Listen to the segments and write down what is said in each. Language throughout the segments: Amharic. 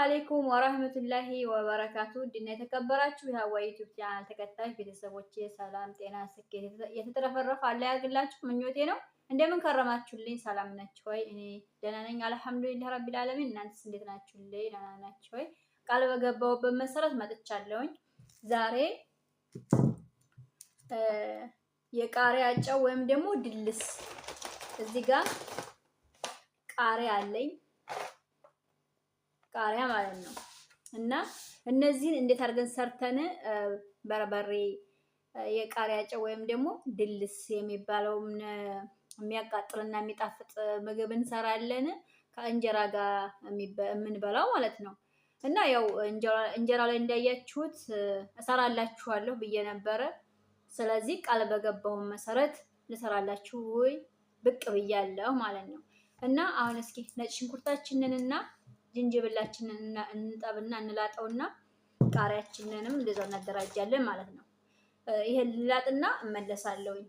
አሌይኩም ወራህመቱላሂ ወበረካቱ ድና የተከበራችሁ የሀዋ ዩቲዩብ ቻናል ተከታዮች ቤተሰቦቼ ሰላም፣ ጤና፣ ስኬት የተትረፈረፈ አለ ያግላችሁ ምኞቴ ነው። እንደምን ከረማችሁልኝ? ሰላም ናችሁ ወይ? እኔ ደህና ነኝ አልሐምዱሊላህ ረቢል እናንተስ እንዴት ናችሁልኝ? ደህና ናችሁ ወይ? ቃል በገባሁበት መሰረት መጥቻለሁኝ። ዛሬ የቃሪያ ጨው ወይም ደግሞ ድልስ እዚህ ጋር ቃሪያ አለኝ ቃሪያ ማለት ነው። እና እነዚህን እንዴት አድርገን ሰርተን በርበሬ የቃሪያ ጨው ወይም ደግሞ ድልስ የሚባለው የሚያቃጥልና የሚጣፍጥ ምግብ እንሰራለን ከእንጀራ ጋር የምንበላው ማለት ነው። እና ያው እንጀራ ላይ እንዳያችሁት እሰራላችኋለሁ ብዬ ነበረ። ስለዚህ ቃል በገባሁን መሰረት ልሰራላችሁ ብቅ ብያለሁ ማለት ነው። እና አሁን እስኪ ነጭ ሽንኩርታችንን እና ዝንጅብላችንን እንጠብና እንላጠውና ቃሪያችንንም እንደዛ እናደራጃለን ማለት ነው። ይሄን ልላጥና እመለሳለሁኝ።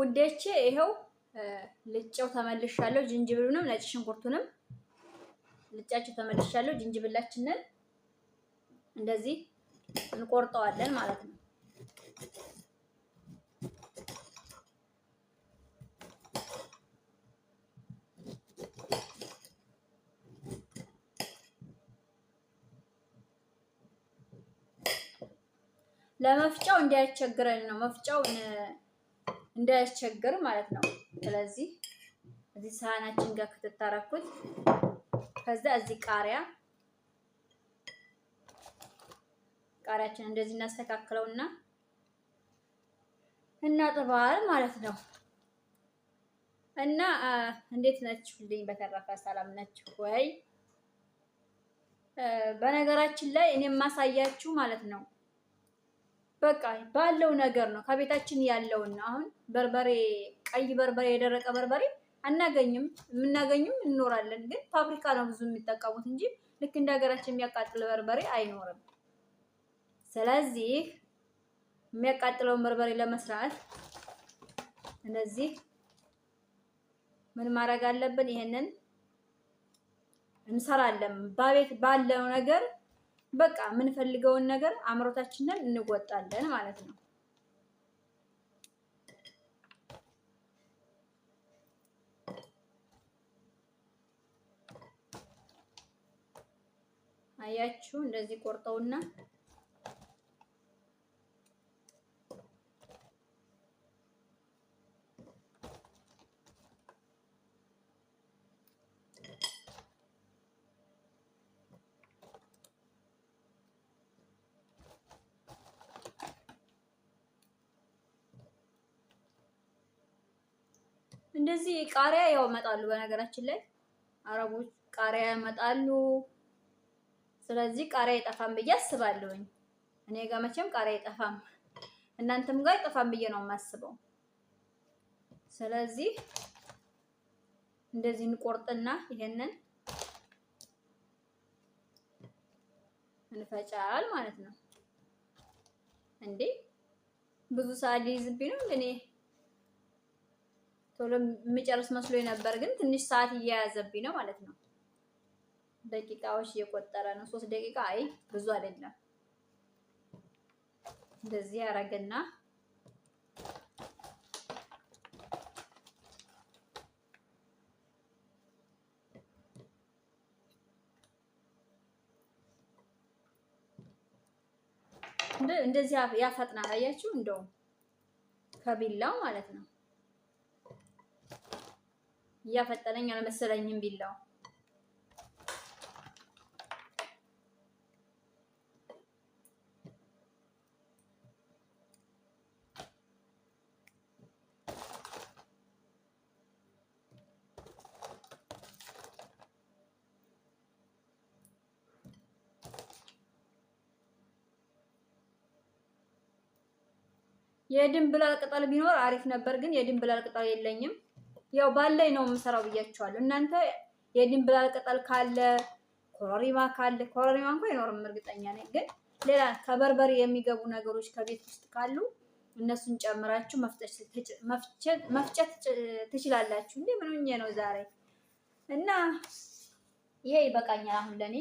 ውዴቼ ይኸው ልጫው ተመልሻለሁ። ዝንጅብሉንም ነጭ ሽንኩርቱንም ልጫቸው ተመልሻለሁ። ዝንጅብላችንን እንደዚህ እንቆርጠዋለን ማለት ነው። ለመፍጫው እንዳያስቸግረን ነው። መፍጫው እንዳያስቸግር ማለት ነው። ስለዚህ እዚህ ሳህናችን ጋር ከተታረኩት ከዛ እዚህ ቃሪያ ቃሪያችን እንደዚህ እናስተካክለውና እናጥባል ማለት ነው። እና እንዴት ናችሁልኝ? በተረፈ ሰላም ናችሁ ወይ? በነገራችን ላይ እኔ የማሳያችሁ ማለት ነው በቃ ባለው ነገር ነው ከቤታችን ያለውን አሁን በርበሬ ቀይ በርበሬ የደረቀ በርበሬ አናገኝም። የምናገኝም እንኖራለን፣ ግን ፋብሪካ ነው ብዙ የሚጠቀሙት እንጂ ልክ እንደ ሀገራችን የሚያቃጥል በርበሬ አይኖርም። ስለዚህ የሚያቃጥለውን በርበሬ ለመስራት እነዚህ ምን ማድረግ አለብን? ይሄንን እንሰራለን በቤት ባለው ነገር በቃ የምንፈልገውን ነገር አምሮታችንን እንወጣለን ማለት ነው። አያችሁ እንደዚህ ቆርጠውና እንደዚህ ቃሪያ ያው መጣሉ በነገራችን ላይ አረቦች ቃሪያ ያመጣሉ። ስለዚህ ቃሪያ ይጠፋም ብዬ አስባለሁኝ። እኔ ጋር መቼም ቃሪያ አይጠፋም፣ እናንተም ጋር ይጠፋም ብዬ ነው የማስበው። ስለዚህ እንደዚህ እንቆርጥና ይሄንን እንፈጫል ማለት ነው። እንዴ ብዙ ሰዓት ሊይዝብኝ ነው ቶሎ የምጨርስ መስሎ ነበር፣ ግን ትንሽ ሰዓት እየያዘብኝ ነው ማለት ነው። ደቂቃዎች እየቆጠረ ነው። ሶስት ደቂቃ አይ ብዙ አይደለም። እንደዚህ ያረግና እንደዚህ ያፈጥናል። አያችሁ፣ እንደውም ከቢላው ማለት ነው። እያፈጠነኝ አልመሰለኝም ቢላው የድንብላል ቅጠል ቢኖር አሪፍ ነበር፣ ግን የድንብላል ቅጠል የለኝም። ያው ባላይ ነው የምሰራው ብያቸዋለሁ። እናንተ የድንብላል ቅጠል ካለ ኮረሪማ ካለ ኮረሪማ እንኳ አይኖርም እርግጠኛ ነኝ፣ ግን ሌላ ከበርበሬ የሚገቡ ነገሮች ከቤት ውስጥ ካሉ እነሱን ጨምራችሁ መፍጨት ትችላላችሁ። እንዴ ምንኛ ነው ዛሬ እና ይሄ ይበቃኛል። አሁን ለኔ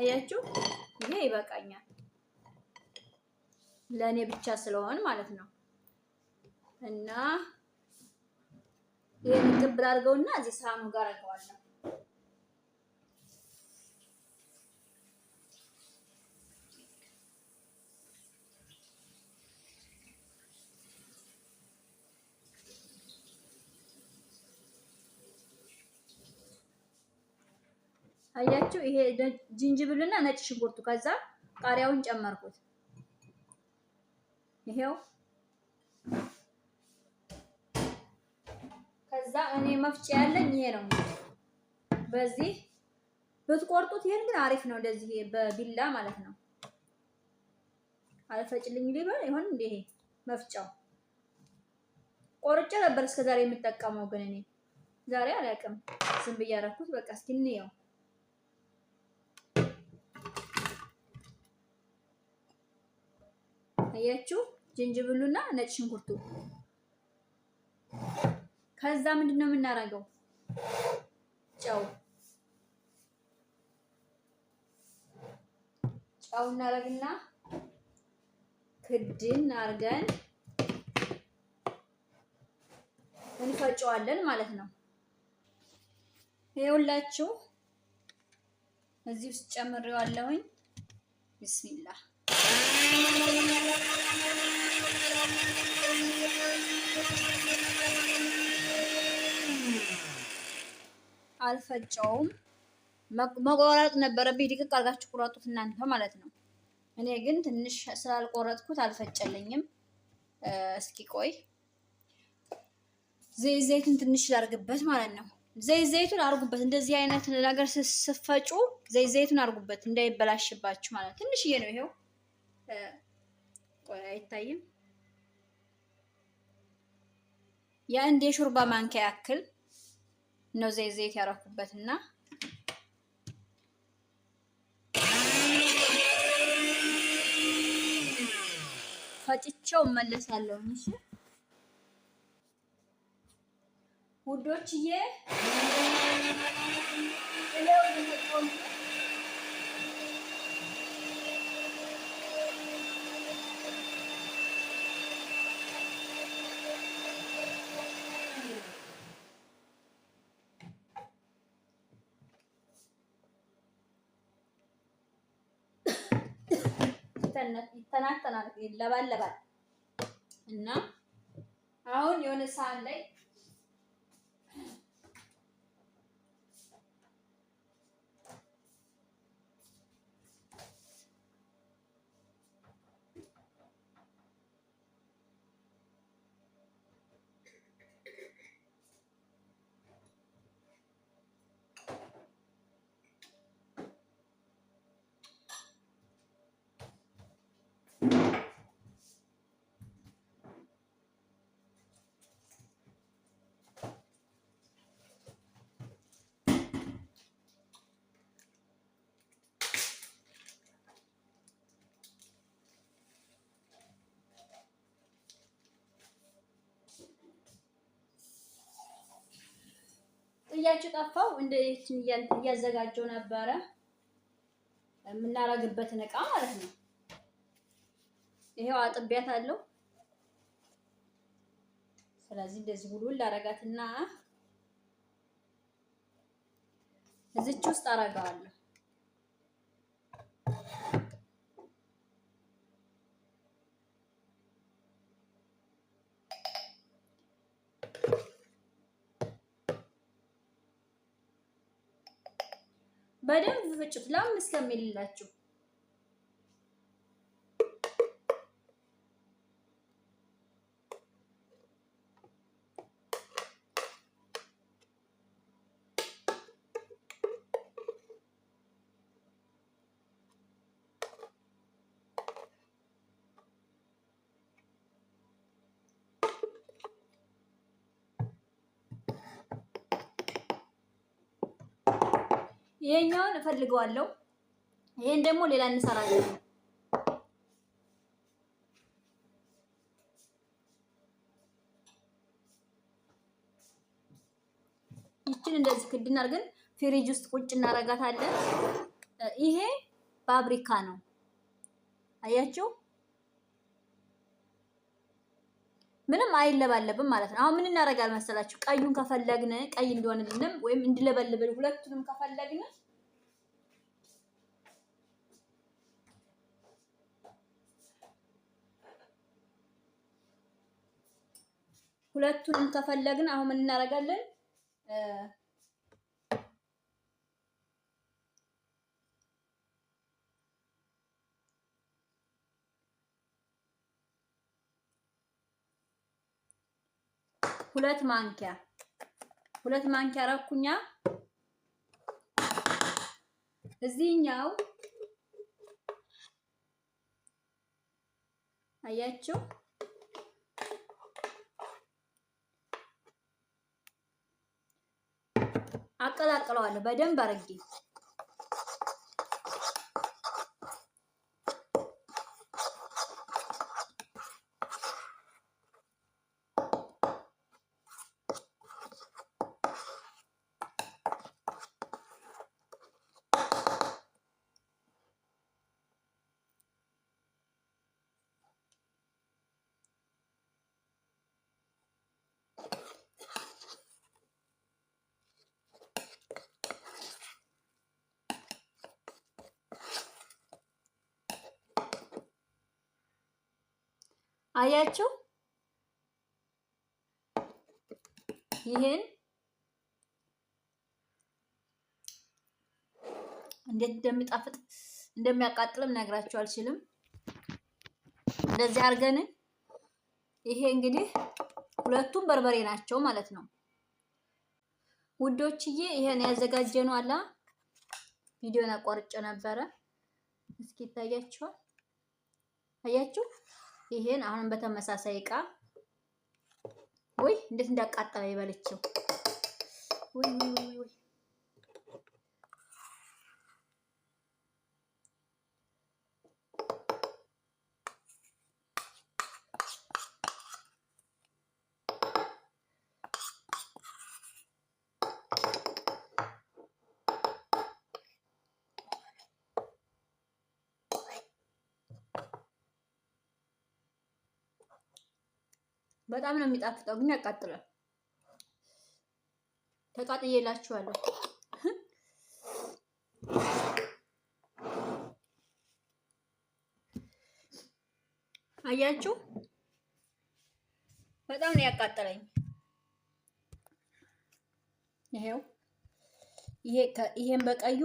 አያችሁ፣ ይሄ ይበቃኛል ለኔ ብቻ ስለሆን ማለት ነው እና ይሄን ቅብር አድርገውና እዚህ ሳህኑ ጋር አድርገዋለሁ። አያችሁ፣ ይሄ ጅንጅብልና ነጭ ሽንኩርቱ ከዛ ቃሪያውን ጨመርኩት። ይሄው ከዛ እኔ መፍጫ ያለኝ ይሄ ነው። በዚህ ብትቆርጡት ይሄን ግን አሪፍ ነው። እንደዚህ በቢላ ማለት ነው። አልፈጭልኝ ሊበል ይሆን እንደ ይሄ መፍጫው ቆርጬ ነበር እስከ ዛሬ የምጠቀመው፣ ግን እኔ ዛሬ አላውቅም፣ ዝም ብዬ አደረኩት። በቃ እስኪ እንየው። አያችሁ ጅንጅብሉና ነጭ ሽንኩርቱ ከዛ ምንድን ነው የምናደርገው? ጨው ጨው እናደርግና ክድን አድርገን እንፈጨዋለን ማለት ነው። ይኸውላችሁ እዚህ ውስጥ ጨምሬዋለሁኝ። ቢስሚላህ አልፈጨውም። መቆረጥ ነበረብኝ። ድቅቅ አድርጋችሁ ቁረጡት እናንተ ማለት ነው። እኔ ግን ትንሽ ስላልቆረጥኩት አልፈጨልኝም። እስኪ ቆይ ዘይት ዘይቱን ትንሽ ላርግበት ማለት ነው። ዘይት ዘይቱን አርጉበት። እንደዚህ አይነት ነገር ስፈጩ ዘይት ዘይቱን አርጉበት እንዳይበላሽባችሁ ማለት ነው። ትንሽዬ ነው ይሄው። ቆይ አይታይም። የአንድ የሾርባ ማንኪያ ያክል ነው ዘይት ዘይት ያረኩበት እና ፈጭቸው እመለሳለሁ። እሺ ውዶችዬ ይተናተናል፣ ይለባለባል እና አሁን የሆነ ሳህን ላይ ጥያቄ ጠፋው። እንደ እያዘጋጀው ነበረ የምናረግበትን እቃ ማለት ነው። ይሄው አጥቢያት አለው። ስለዚህ እንደዚህ ሁሉ ላረጋትና እዚች ውስጥ አረጋዋለሁ። በደንብ ፍጩት ላም እስከሚልላችሁ ይሄኛውን እፈልገዋለሁ። ይሄን ደግሞ ሌላ እንሰራለን። ይችን እንደዚህ ክድና ግን ፍሪጅ ውስጥ ቁጭ እናረጋታለን። ይሄ ፋብሪካ ነው አያችሁ። ምንም አይለባለብም ማለት ነው። አሁን ምን እናደርጋል መሰላችሁ? ቀዩን ከፈለግን ቀይ እንዲሆንልንም ወይም እንዲለበልብል ሁለቱንም ከፈለግን ሁለቱንም ከፈለግን አሁን ምን እናደርጋለን? ሁለት ማንኪያ ሁለት ማንኪያ ረኩኛ። እዚህኛው አያችሁ አቀላቅለዋለሁ በደንብ አድርጌ አያችሁ ይህን እንዴት እንደሚጣፍጥ እንደሚያቃጥልም ነግራችሁ አልችልም። እንደዚህ አድርገን ይሄ እንግዲህ ሁለቱም በርበሬ ናቸው ማለት ነው ውዶችዬ። ይሄን ያዘጋጀነው አላ ቪዲዮን አቋርጬ ነበረ። እስኪ ይታያችኋል። አያችሁ ይሄን አሁን በተመሳሳይ እቃ ወይ እንዴት እንዳቃጠለ ይበለችው ወይ ወይ ወይ በጣም ነው የሚጣፍጠው፣ ግን ያቃጥላል። ተቃጥዬላችኋለሁ። አያችሁ፣ በጣም ነው ያቃጠለኝ። ይሄው ይሄ ይሄን በቀዩ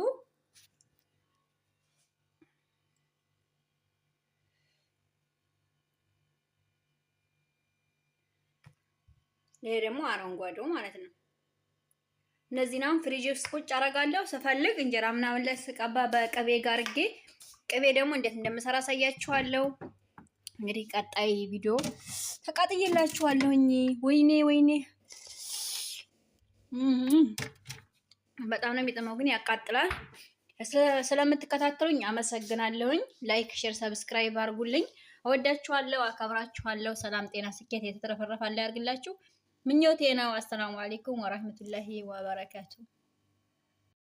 ይሄ ደግሞ አረንጓዴው ማለት ነው። እነዚህናም ፍሪጅ ውስጥ ቁጭ አረጋለሁ። ስፈልግ እንጀራ ምናምን ላይ ስቀባ በቅቤ ጋር አድርጌ ቅቤ ደግሞ እንዴት እንደምሰራ አሳያችኋለሁ። እንግዲህ ቀጣይ ቪዲዮ ተቃጥዬላችኋለሁኝ። ወይኔ ወይኔ በጣም ነው የሚጥመው፣ ግን ያቃጥላል። ስለምትከታተሉኝ አመሰግናለሁኝ። ላይክ፣ ሼር፣ ሰብስክራይብ አድርጉልኝ። እወዳችኋለሁ፣ አከብራችኋለሁ። ሰላም፣ ጤና፣ ስኬት የተትረፈረፈ ያርግላችሁ። ምኞቴ ነው። አሰላሙ አሌይኩም ወራህመቱላሂ ወበረካቱ።